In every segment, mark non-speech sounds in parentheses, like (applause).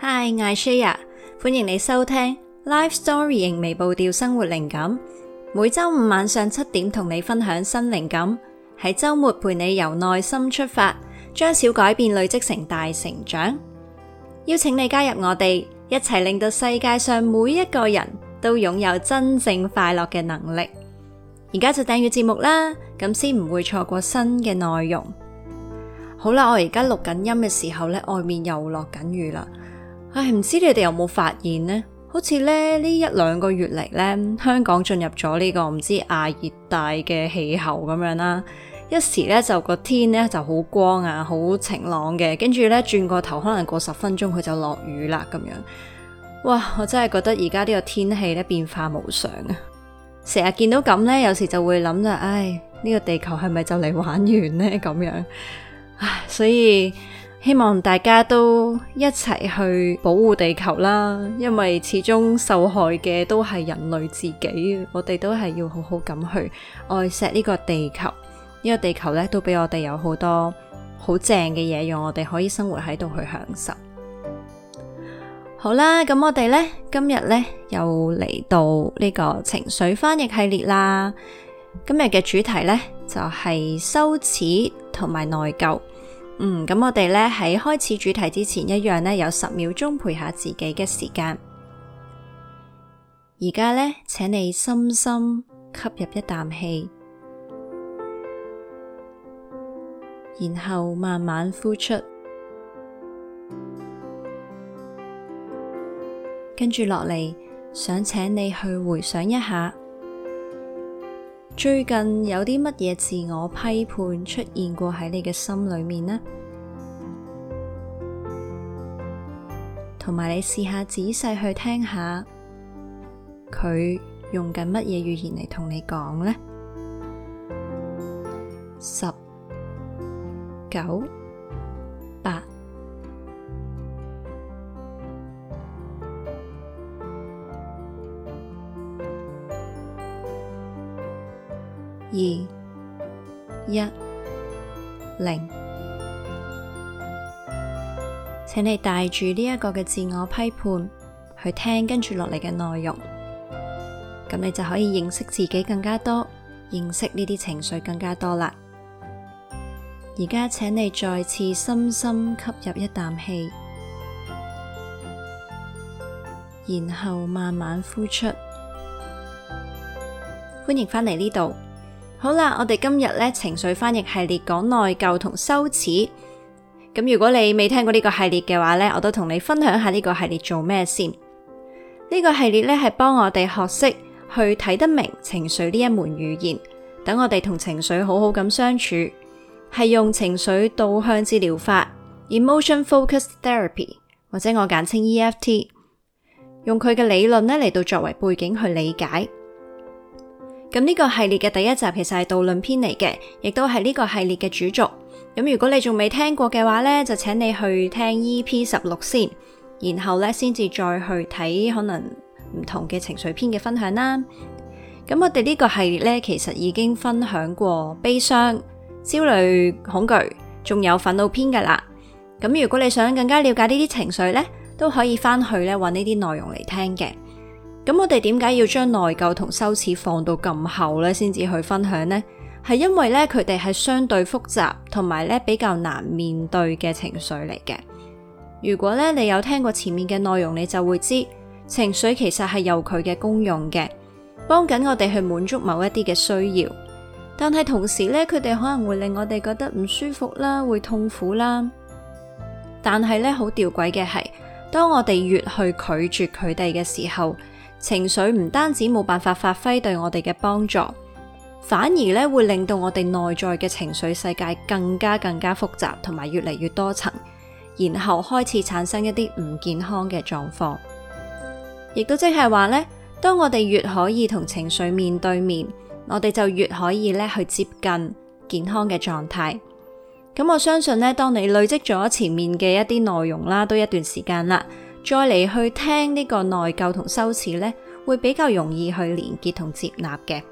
Hi，嗨，我係 Shaya，歡迎你收聽《Life Story》，仍微步調生活靈感，每周五晚上七點同你分享新靈感，喺周末陪你由內心出發，將小改變累積成大成長。邀請你加入我哋，一齊令到世界上每一個人都擁有真正快樂嘅能力。而家就訂閱節目啦，咁先唔會錯過新嘅內容。好啦，我而家錄緊音嘅時候呢，外面又落緊雨啦。但係唔知你哋有冇發現呢？好似咧呢一兩個月嚟，呢，香港進入咗呢個唔知亞熱帶嘅氣候咁樣啦。一時呢，就個天呢就好光啊，好晴朗嘅，跟住呢，轉個頭，可能過十分鐘佢就落雨啦咁樣。哇！我真係覺得而家呢個天氣咧，變化無常啊，成日見到咁呢，有時就會諗啦，唉、哎，呢個地球係咪就嚟玩完呢？咁樣。唉，所以。希望大家都一齊去保護地球啦，因為始終受害嘅都係人類自己，我哋都係要好好咁去愛惜呢個地球。呢個地球咧都俾我哋有好多好正嘅嘢，用我哋可以生活喺度去享受。好啦，咁我哋呢今日呢又嚟到呢個情緒翻譯系列啦。今日嘅主題呢就係羞恥同埋內疚。嗯，咁我哋咧喺開始主題之前，一樣咧有十秒鐘陪下自己嘅時間。而家咧，請你深深吸入一啖氣，然後慢慢呼出。跟住落嚟，想請你去回想一下。最近有啲乜嘢自我批判出現過喺你嘅心裏面呢？同埋你試下仔細去聽下，佢用緊乜嘢語言嚟同你講呢？十九。二一零，請你帶住呢一個嘅自我批判去聽跟住落嚟嘅內容，咁你就可以認識自己更加多，認識呢啲情緒更加多啦。而家請你再次深深吸入一啖氣，然後慢慢呼出。歡迎返嚟呢度。好啦，我哋今日咧情緒翻譯系列講內疚同羞恥。咁如果你未聽過呢個系列嘅話咧，我都同你分享下呢個系列做咩先。呢、呢個系列咧係幫我哋學識去睇得明情緒呢一門語言，等我哋同情緒好好咁相處，係用情緒導向治療法 （emotion-focused therapy） 或者我簡稱 EFT，用佢嘅理論咧嚟到作為背景去理解。咁呢個系列嘅第一集其實係導論篇嚟嘅，亦都係呢個系列嘅主軸。咁如果你仲未聽過嘅話咧，就請你去聽 EP16 先，然後咧先至再去睇可能唔同嘅情緒篇嘅分享啦。咁我哋呢個系列咧，其實已經分享過悲傷、焦慮、恐懼，仲有憤怒篇噶啦。咁如果你想更加了解呢啲情緒咧，都可以翻去咧搵呢啲內容嚟聽嘅。咁我哋點解要將內疚同羞恥放到咁後咧，先至去分享呢？係因為咧，佢哋係相對複雜同埋咧比較難面對嘅情緒嚟嘅。如果咧你有聽過前面嘅內容，你就會知情緒其實係有佢嘅功用嘅，幫緊我哋去滿足某一啲嘅需要。但係同時咧，佢哋可能會令我哋覺得唔舒服啦，會痛苦啦。但係咧好弔詭嘅係，當我哋越去拒絕佢哋嘅時候，情緒唔單止冇辦法發揮對我哋嘅幫助，反而咧會令到我哋內在嘅情緒世界更加更加複雜，同埋越嚟越多層，然後開始產生一啲唔健康嘅狀況。亦都即係話咧，當我哋越可以同情緒面對面，我哋就越可以咧去接近健康嘅狀態。咁我相信咧，當你累積咗前面嘅一啲內容啦，都一段時間啦。再嚟去聽個內呢個內疚同羞恥呢，會比較容易去連結同接納嘅。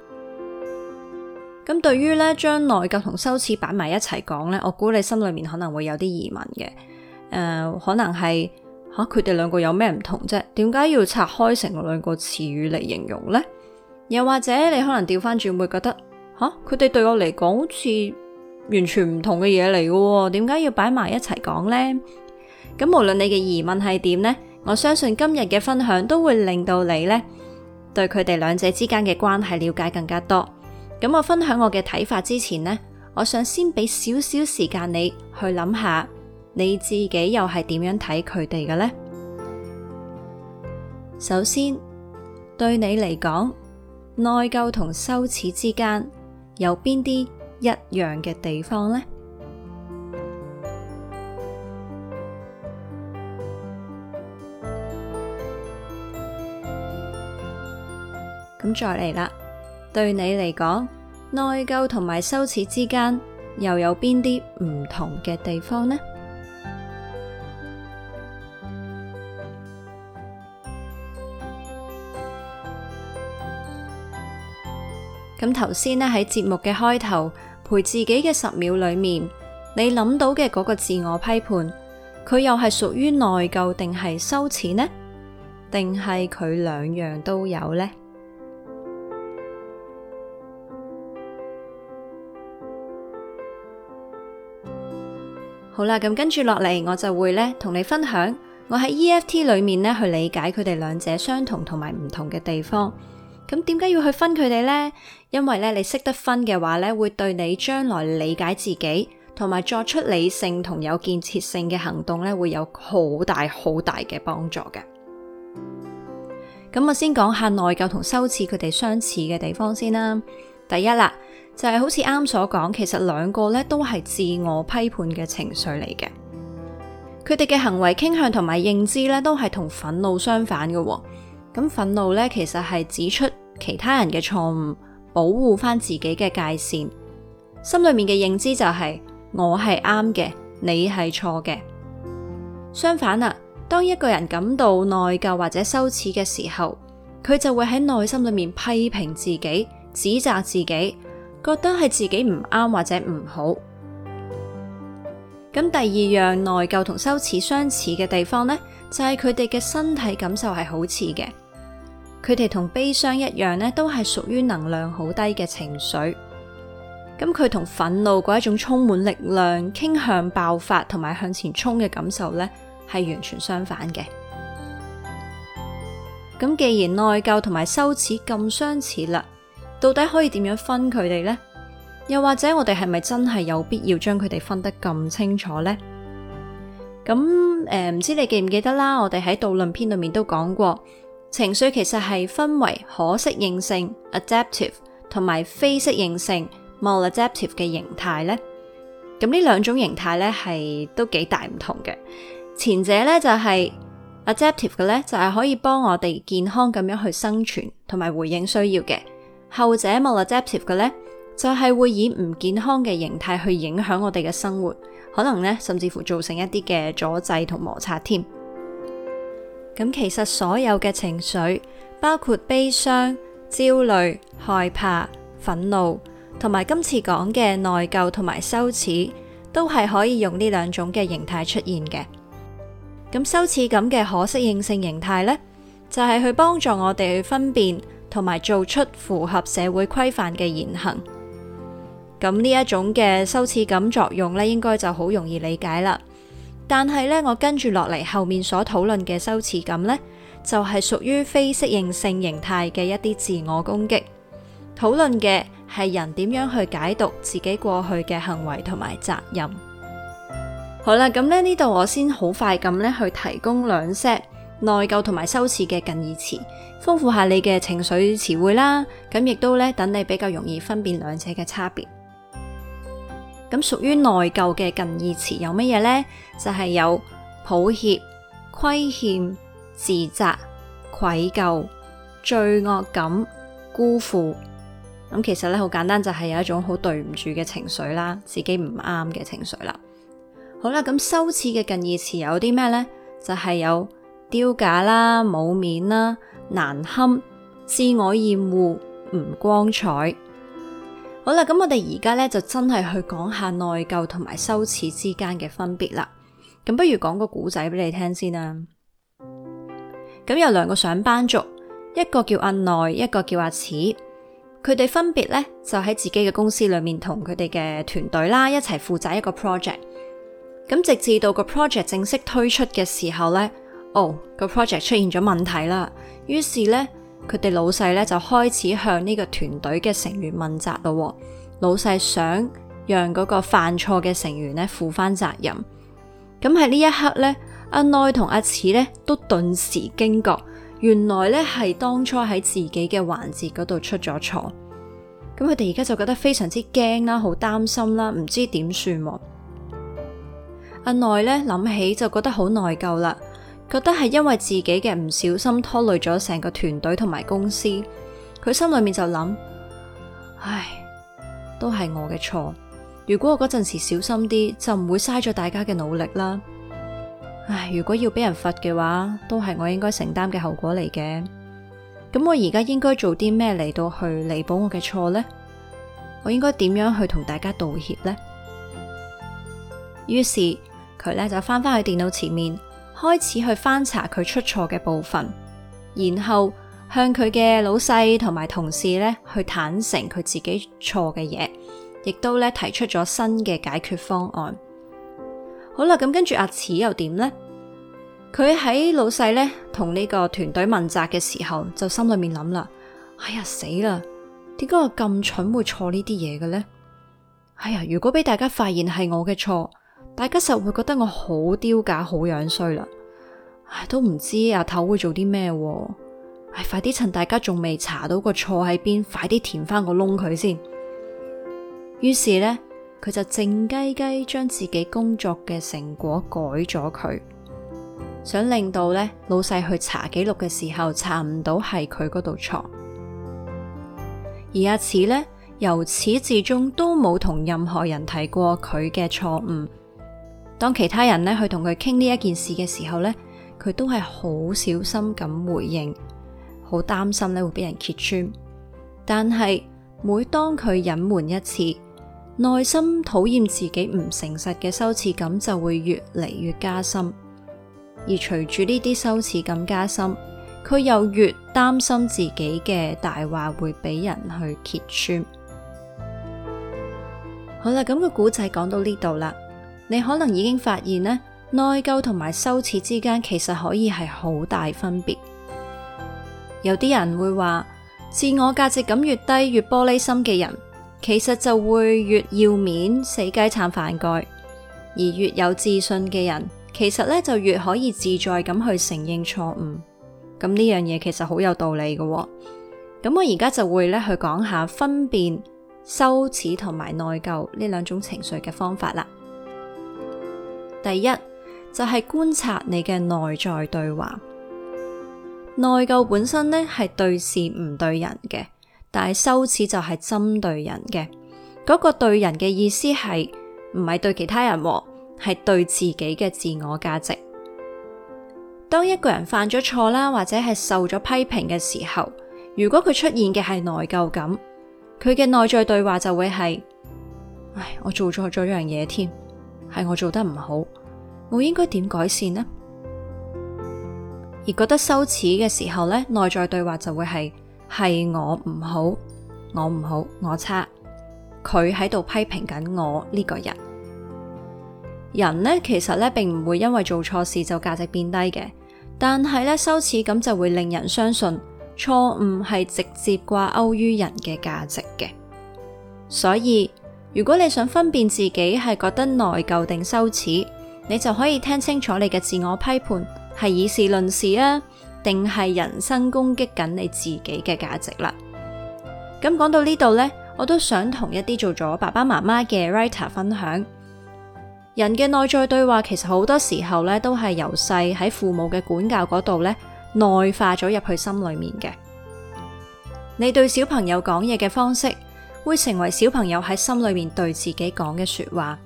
咁對於咧，將內疚同羞恥擺埋一齊講呢，我估你心裏面可能會有啲疑問嘅。誒、呃，可能係吓佢哋兩個有咩唔同啫？點解要拆開成兩個詞語嚟形容呢？又或者你可能掉返轉會覺得吓佢哋對我嚟講好似完全唔同嘅嘢嚟嘅，點解要擺埋一齊講呢？」咁無論你嘅疑問係點呢，我相信今日嘅分享都會令到你呢對佢哋兩者之間嘅關係了解更加多。咁我分享我嘅睇法之前呢，我想先俾少少時間你去諗下，你自己又係點樣睇佢哋嘅呢？首先，對你嚟講，內疚同羞恥之間有邊啲一樣嘅地方呢？咁再嚟啦，對你嚟講，內疚同埋羞恥之間又有邊啲唔同嘅地方呢？咁頭先呢，喺節目嘅開頭，陪自己嘅十秒裏面，你諗到嘅嗰個自我批判，佢又係屬於內疚定係羞恥呢？定係佢兩樣都有呢？好啦，咁跟住落嚟，我就會咧同你分享，我喺 EFT 裏面咧去理解佢哋兩者相同同埋唔同嘅地方。咁點解要去分佢哋呢？因為咧你識得分嘅話咧，會對你將來理解自己同埋作出理性同有建設性嘅行動咧，會有好大好大嘅幫助嘅。咁我先講下內疚同羞恥佢哋相似嘅地方先啦。第一啦。就係好似啱啱所講，其實兩個咧都係自我批判嘅情緒嚟嘅。佢哋嘅行為傾向同埋認知咧都係同憤怒相反嘅。哦。咁憤怒咧其實係指出其他人嘅錯誤，保護翻自己嘅界線。心裏面嘅認知就係、是、我係啱嘅，你係錯嘅。相反啦、啊，當一個人感到內疚或者羞恥嘅時候，佢就會喺內心裏面批評自己，指責自己。覺得係自己唔啱，或者唔好。咁第二樣內疚同羞恥相似嘅地方呢，就係佢哋嘅身體感受係好似嘅，佢哋同悲傷一樣呢，都係屬於能量好低嘅情緒。咁佢同憤怒嗰一種充滿力量、傾向爆發同埋向前衝嘅感受呢，係完全相反嘅。咁既然內疚同埋羞恥咁相似啦。到底可以點樣分佢哋呢？又或者我哋係咪真係有必要將佢哋分得咁清楚呢？咁誒，唔、呃、知你記唔記得啦？我哋喺《導論篇》裏面都講過，情緒其實係分為可適應性 （adaptive） 同埋非適應性 （maladaptive） 嘅形態呢。咁呢兩種形態咧，係都幾大唔同嘅。前者咧，就係 adaptive 嘅咧，就係、是就是、可以幫我哋健康咁樣去生存同埋回應需要嘅。後者冇 adaptive 嘅呢，就係會以唔健康嘅形態去影響我哋嘅生活，可能呢，甚至乎造成一啲嘅阻滯同摩擦添。咁其實所有嘅情緒，包括悲傷、焦慮、害怕、憤怒，同埋今次講嘅內疚同埋羞恥，都係可以用呢兩種嘅形態出現嘅。咁羞恥感嘅可適應性形態呢，就係去幫助我哋去分辨。同埋做出符合社會規範嘅言行，咁呢一種嘅羞恥感作用呢，應該就好容易理解啦。但係呢，我跟住落嚟後面所討論嘅羞恥感呢，就係屬於非適應性形態嘅一啲自我攻擊。討論嘅係人點樣去解讀自己過去嘅行為同埋責任。好啦，咁咧，呢度我先好快咁咧去提供兩 set 內疚同埋羞恥嘅近義詞，豐富下你嘅情緒詞彙啦。咁亦都咧，等你比較容易分辨兩者嘅差別。咁屬於內疚嘅近義詞有乜嘢呢？就係有抱歉、虧欠、自責、愧疚、罪惡感、辜負。咁其實咧，好簡單，就係有一種好對唔住嘅情緒啦，自己唔啱嘅情緒啦。好啦，咁羞恥嘅近義詞有啲咩呢？就係有。丟架啦，冇面啦，難堪，自我厭惡，唔光彩。好啦，咁我哋而家咧就真係去講下內疚同埋羞恥之間嘅分別啦。咁不如講個故仔俾你聽先啦。咁有兩個上班族，一個叫阿內，一個叫阿恥。佢哋分別咧就喺自己嘅公司裏面同佢哋嘅團隊啦一齊負責一個 project。咁直至到個 project 正式推出嘅時候咧。哦，個、oh, project 出現咗問題啦，於是呢，佢哋老細呢，就開始向呢個團隊嘅成員問責咯、哦。老細想讓嗰個犯錯嘅成員呢負翻責任。咁喺呢一刻呢，阿奈同阿慈呢，都頓時驚覺，原來呢係當初喺自己嘅環節嗰度出咗錯。咁佢哋而家就覺得非常之驚啦，好擔心啦，唔知點算喎。阿奈呢，諗起就覺得好內疚啦。覺得係因為自己嘅唔小心拖累咗成個團隊同埋公司，佢心裏面就諗：唉，都係我嘅錯。如果我嗰陣時小心啲，就唔會嘥咗大家嘅努力啦。唉，如果要俾人罰嘅話，都係我應該承擔嘅後果嚟嘅。咁我而家應該做啲咩嚟到去彌補我嘅錯呢？我應該點樣去同大家道歉呢？於是佢咧就翻返去電腦前面。開始去翻查佢出錯嘅部分，然後向佢嘅老細同埋同事咧去坦誠佢自己錯嘅嘢，亦都咧提出咗新嘅解決方案。好啦，咁跟住阿齒又點呢？佢喺老細咧同呢個團隊問責嘅時候，就心裏面諗啦：哎呀死啦，點解我咁蠢會錯呢啲嘢嘅咧？哎呀，如果俾大家發現係我嘅錯。大家實會覺得我好丟架，好樣衰啦。唉，都唔知阿頭會做啲咩？唉，快啲趁大家仲未查到個錯喺邊，快啲填翻個窿佢先。於是呢，佢就靜雞雞將自己工作嘅成果改咗佢，想令到呢老細去查記錄嘅時候查唔到係佢嗰度錯。而阿慈呢，由始至終都冇同任何人提過佢嘅錯誤。當其他人咧，去同佢傾呢一件事嘅時候咧，佢都係好小心咁回應，好擔心咧，會俾人揭穿。但係每當佢隱瞞一次，內心討厭自己唔誠實嘅羞恥感就會越嚟越加深。而隨住呢啲羞恥感加深，佢又越擔心自己嘅大話會俾人去揭穿。好啦，咁個古仔講到呢度啦。你可能已經發現咧，內疚同埋羞恥之間其實可以係好大分別。有啲人會話，自我價值感越低、越玻璃心嘅人，其實就會越要面，死雞撐飯蓋；而越有自信嘅人，其實咧就越可以自在咁去承認錯誤。咁呢樣嘢其實好有道理嘅哦。咁我而家就會咧去講下分辨羞恥同埋內疚呢兩種情緒嘅方法啦。第一就係、是、觀察你嘅內在對話，內疚本身呢係對事唔對人嘅，但係羞恥就係針對人嘅，嗰、那個對人嘅意思係唔係對其他人，係對自己嘅自我價值。當一個人犯咗錯啦，或者係受咗批評嘅時候，如果佢出現嘅係內疚感，佢嘅內在對話就會係，唉，我做錯咗樣嘢添。係我做得唔好，我應該點改善呢？而覺得羞恥嘅時候咧，內在對話就會係：係我唔好，我唔好，我差。佢喺度批評緊我呢個人。人咧，其實咧，並唔會因為做錯事就價值變低嘅，但係咧，羞恥咁就會令人相信錯誤係直接掛鈎於人嘅價值嘅，所以。如果你想分辨自己係覺得內疚定羞恥，你就可以聽清楚你嘅自我批判係以事論事啊，定係人身攻擊緊你自己嘅價值啦。咁講到呢度呢，我都想同一啲做咗爸爸媽媽嘅 writer 分享，人嘅內在對話其實好多時候呢，都係由細喺父母嘅管教嗰度呢，內化咗入去心裏面嘅。你對小朋友講嘢嘅方式，會成為小朋友喺心裏面對自己講嘅說話，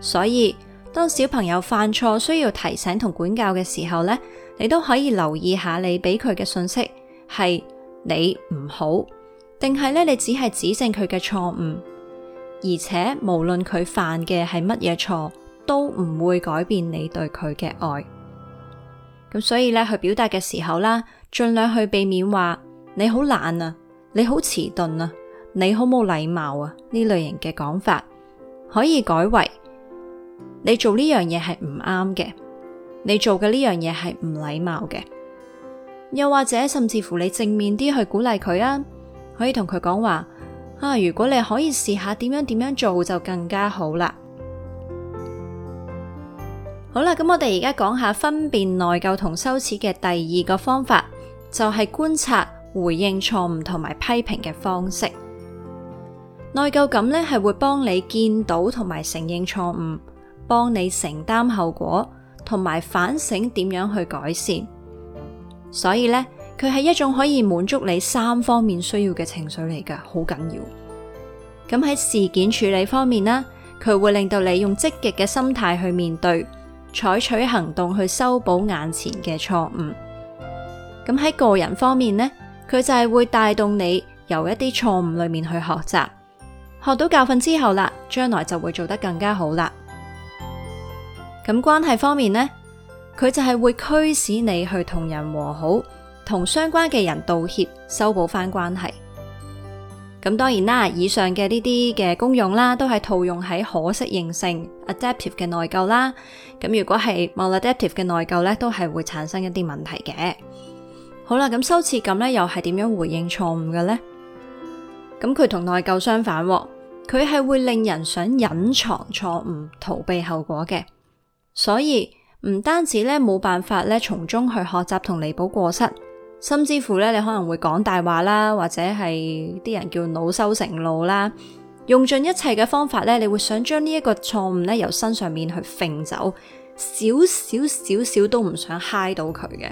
所以當小朋友犯錯需要提醒同管教嘅時候咧，你都可以留意下你俾佢嘅信息係你唔好，定係咧你只係指正佢嘅錯誤，而且無論佢犯嘅係乜嘢錯，都唔會改變你對佢嘅愛。咁所以咧，去表達嘅時候啦，盡量去避免話你好懶啊，你好遲鈍啊。你好冇禮貌啊！呢類型嘅講法可以改為你做呢樣嘢係唔啱嘅，你做嘅呢樣嘢係唔禮貌嘅。又或者甚至乎你正面啲去鼓勵佢啊，可以同佢講話啊，如果你可以試下點樣點樣做，就更加好啦。好啦，咁我哋而家講下分辨內疚同羞恥嘅第二個方法，就係觀察回應錯誤同埋批評嘅方式。內疚感咧係會幫你見到同埋承認錯誤，幫你承擔後果，同埋反省點樣去改善。所以咧，佢係一種可以滿足你三方面需要嘅情緒嚟㗎，好緊要。咁喺事件處理方面咧，佢會令到你用積極嘅心態去面對，採取行動去修補眼前嘅錯誤。咁喺個人方面呢，佢就係會帶動你由一啲錯誤裏面去學習。學到教訓之後啦，將來就會做得更加好啦。咁關係方面呢，佢就係會驅使你去同人和好，同相關嘅人道歉，修補翻關係。咁當然啦，以上嘅呢啲嘅功用啦，都係套用喺可適應性 adaptive 嘅內疚啦。咁如果係冇 adaptive 嘅內疚呢，都係會產生一啲問題嘅。好啦，咁羞恥感呢，又係點樣回應錯誤嘅呢？咁佢同內疚相反啊。佢係會令人想隱藏錯誤，逃避後果嘅，所以唔單止咧冇辦法咧從中去學習同彌補過失，甚至乎咧你可能會講大話啦，或者係啲人叫惱羞成怒啦，用盡一切嘅方法咧，你會想將呢一個錯誤咧由身上面去揈走，少少少少都唔想嗨到佢嘅。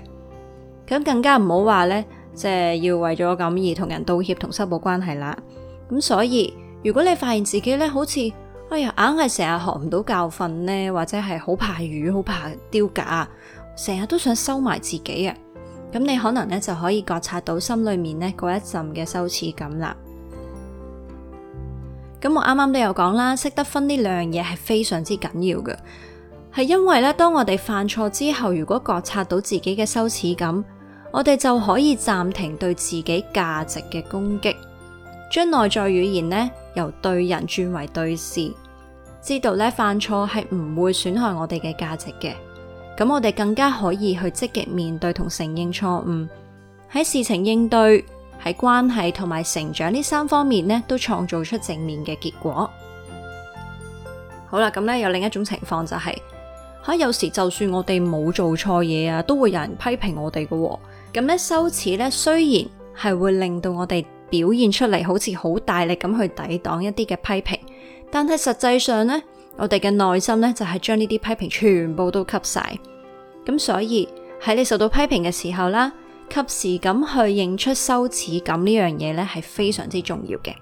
咁更加唔好話咧，即係要為咗咁而同人道歉同修補關係啦。咁所以。如果你發現自己咧好似，哎呀，硬係成日學唔到教訓咧，或者係好怕雨、好怕丟架，成日都想收埋自己嘅，咁你可能咧就可以覺察到心裏面咧嗰一陣嘅羞恥感啦。咁我啱啱都有講啦，識得分呢兩樣嘢係非常之緊要嘅，係因為咧當我哋犯錯之後，如果覺察到自己嘅羞恥感，我哋就可以暫停對自己價值嘅攻擊。將內在語言呢由對人轉為對事，知道咧犯錯係唔會損害我哋嘅價值嘅，咁我哋更加可以去積極面對同承認錯誤，喺事情應對、喺關係同埋成長呢三方面呢都創造出正面嘅結果。好啦，咁咧有另一種情況就係、是，喺有時就算我哋冇做錯嘢啊，都會有人批評我哋嘅、哦，咁咧羞恥咧雖然係會令到我哋。表現出嚟好似好大力咁去抵擋一啲嘅批評，但係實際上呢，我哋嘅內心呢，就係將呢啲批評全部都吸晒。咁所以喺你受到批評嘅時候啦，及時咁去認出羞恥感呢樣嘢呢，係非常之重要嘅。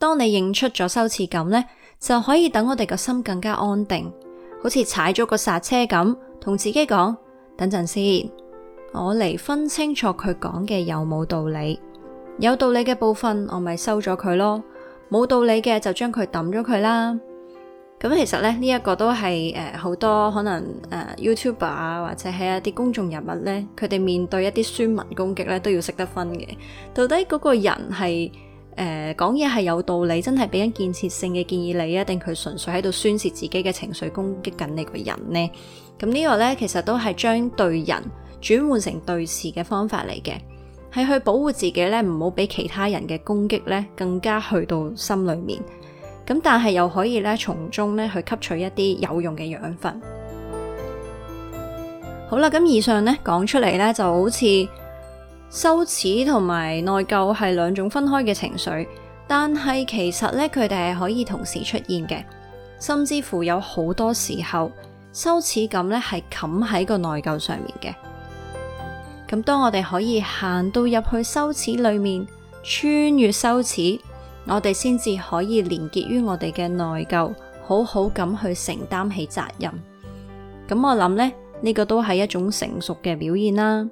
當你認出咗羞恥感呢，就可以等我哋個心更加安定，好似踩咗個剎車咁，同自己講：等陣先，我嚟分清楚佢講嘅有冇道理。有道理嘅部分，我咪收咗佢咯；冇道理嘅就將佢抌咗佢啦。咁、嗯、其實咧呢一、這個都係誒好多可能誒、呃、YouTuber 啊或者係一啲公眾人物咧，佢哋面對一啲書面攻擊咧都要識得分嘅。到底嗰個人係誒講嘢係有道理，真係俾緊建設性嘅建議你啊，定佢純粹喺度宣泄自己嘅情緒攻擊緊你個人呢咁、嗯這個、呢個咧其實都係將對人轉換成對事嘅方法嚟嘅。係去保護自己咧，唔好俾其他人嘅攻擊咧，更加去到心裏面。咁但係又可以咧，從中咧去吸取一啲有用嘅養分。 (music) 好啦，咁以上咧講出嚟，咧，就好似羞恥同埋內疚係兩種分開嘅情緒，但係其實咧佢哋係可以同時出現嘅，甚至乎有好多時候羞恥感咧係冚喺個內疚上面嘅。咁當我哋可以行到入去羞恥裏面，穿越羞恥，我哋先至可以連結於我哋嘅內疚，好好咁去承擔起責任。咁我諗咧，呢個都係一種成熟嘅表現啦。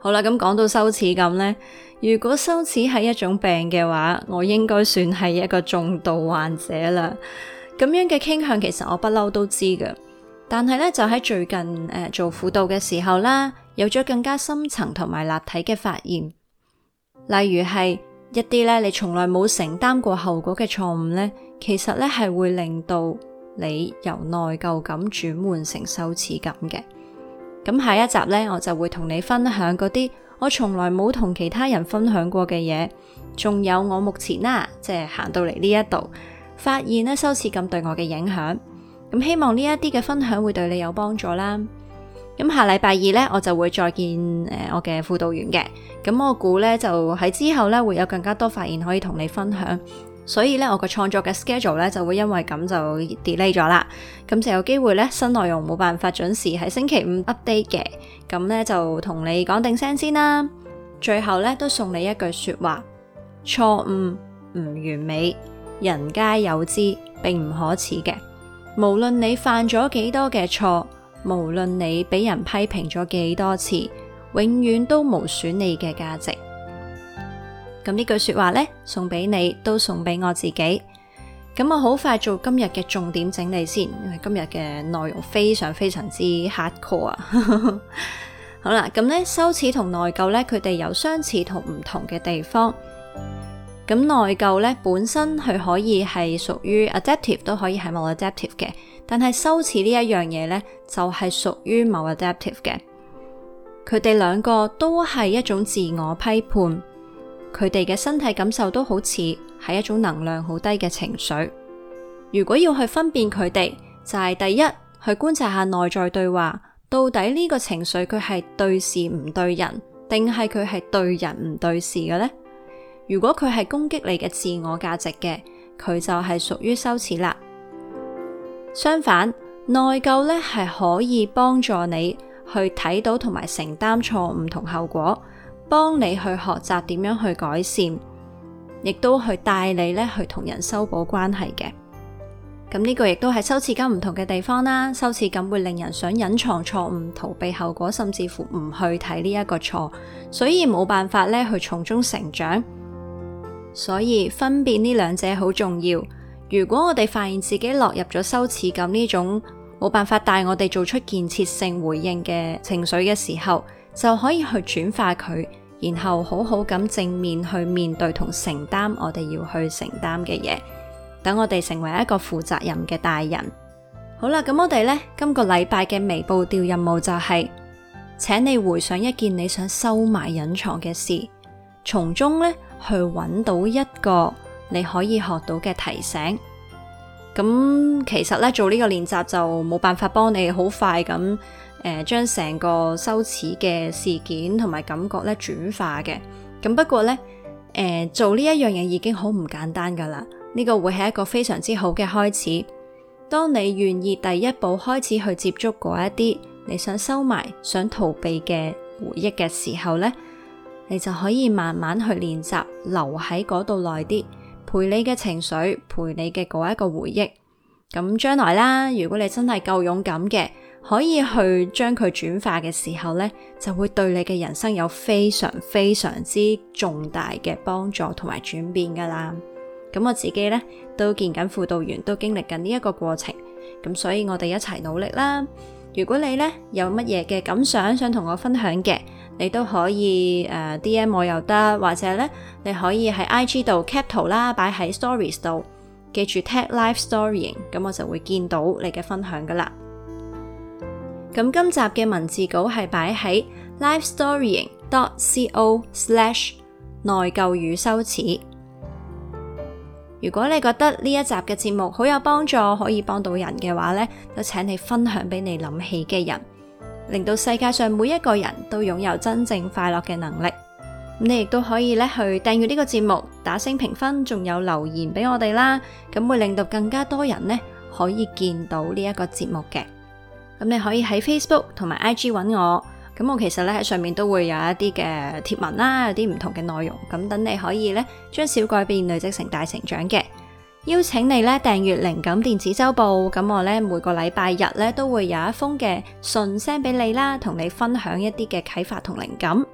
好啦，咁講到羞恥感咧，如果羞恥係一種病嘅話，我應該算係一個重度患者啦。咁樣嘅傾向，其實我不嬲都知嘅。但係咧，就喺最近誒、呃、做輔導嘅時候啦，有咗更加深層同埋立體嘅發現。例如係一啲咧，你從來冇承擔過後果嘅錯誤咧，其實咧係會令到你由內疚感轉換成羞恥感嘅。咁下一集咧，我就會同你分享嗰啲我從來冇同其他人分享過嘅嘢，仲有我目前啦、啊，即係行到嚟呢一度，發現咧羞恥感對我嘅影響。咁希望呢一啲嘅分享會對你有幫助啦。咁下禮拜二呢，我就會再見誒、呃，我嘅輔導員嘅。咁我估呢，就喺之後呢，會有更加多發現可以同你分享，所以呢，我個創作嘅 schedule 呢就會因為咁就 delay 咗啦。咁就有機會呢，新內容冇辦法準時喺星期五 update 嘅。咁呢，就同你講定聲先啦。最後呢，都送你一句說話：錯誤唔完美，人皆有之，並唔可恥嘅。無論你犯咗幾多嘅錯，無論你俾人批評咗幾多次，永遠都無損你嘅價值。咁呢句說話呢，送俾你，都送俾我自己。咁我好快做今日嘅重點整理先，因為今日嘅內容非常非常之 hardcore 啊。 (laughs) 好啦，咁呢羞恥同內疚呢，佢哋有相似同唔同嘅地方。咁內疚咧，本身佢可以係屬於 adaptive，都可以係冇 adaptive 嘅。但係羞恥呢一樣嘢咧，就係屬於冇 adaptive 嘅。佢哋兩個都係一種自我批判，佢哋嘅身體感受都好似係一種能量好低嘅情緒。如果要去分辨佢哋，就係第一去觀察下內在對話，到底呢個情緒佢係對事唔對人，定係佢係對人唔對事嘅咧？如果佢係攻擊你嘅自我價值嘅，佢就係屬於羞恥啦。相反，內疚咧係可以幫助你去睇到同埋承擔錯誤同後果，幫你去學習點樣去改善，亦都去帶你咧去同人修補關係嘅。咁呢個亦都係羞恥感唔同嘅地方啦。羞恥感會令人想隱藏錯誤、逃避後果，甚至乎唔去睇呢一個錯，所以冇辦法咧去從中成長。所以分辨呢兩者好重要。如果我哋發現自己落入咗羞恥感呢種冇辦法帶我哋做出建設性回應嘅情緒嘅時候，就可以去轉化佢，然後好好咁正面去面對同承擔我哋要去承擔嘅嘢，等我哋成為一個負責任嘅大人好。好啦，咁我哋呢，今個禮拜嘅微步調任務就係，請你回想一件你想收埋隱藏嘅事，從中呢。去搵到一個你可以學到嘅提醒，咁其實咧做呢個練習就冇辦法幫你好快咁誒、呃、將成個羞恥嘅事件同埋感覺咧轉化嘅，咁不過呢，誒、呃、做呢一樣嘢已經好唔簡單噶啦，呢、呢個會係一個非常之好嘅開始。當你願意第一步開始去接觸嗰一啲你想收埋、想逃避嘅回憶嘅時候呢。你就可以慢慢去練習，留喺嗰度耐啲，陪你嘅情緒，陪你嘅嗰一個回憶。咁將來啦，如果你真係夠勇敢嘅，可以去將佢轉化嘅時候咧，就會對你嘅人生有非常非常之重大嘅幫助同埋轉變㗎喇。咁我自己咧都見緊輔導員，都經歷緊呢一個過程。咁所以我哋一齊努力啦。如果你咧有乜嘢嘅感想，想同我分享嘅。你都可以誒 D M 我又得，或者咧你可以喺 I G 度 cap 圖啦，擺喺 Stories 度，記住 tag lifestorying，咁我就會見到你嘅分享噶啦。咁今集嘅文字稿係擺喺 lifestorying dot co slash 內疚與羞恥。如果你覺得呢一集嘅節目好有幫助，可以幫到人嘅話咧，就請你分享俾你諗起嘅人。令到世界上每一個人都擁有真正快樂嘅能力，你亦都可以咧去訂閱呢個節目，打星評分，仲有留言俾我哋啦。咁會令到更加多人呢可以見到呢一個節目嘅。咁你可以喺 Facebook 同埋 IG 揾我，咁我其實咧喺上面都會有一啲嘅貼文啦，有啲唔同嘅內容，咁等你可以呢將小改變累積成大成長嘅。邀請你咧訂閱靈感電子週報，咁我咧每個禮拜日咧都會有一封嘅信 send 俾你啦，同你分享一啲嘅啟發同靈感。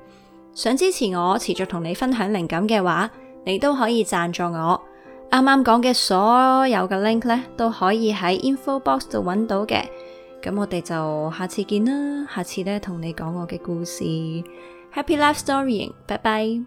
想支持我持續同你分享靈感嘅話，你都可以贊助我。啱啱講嘅所有嘅 link 咧都可以喺 info box 度揾到嘅。咁我哋就下次見啦，下次咧同你講我嘅故事。Happy life storying, 拜拜。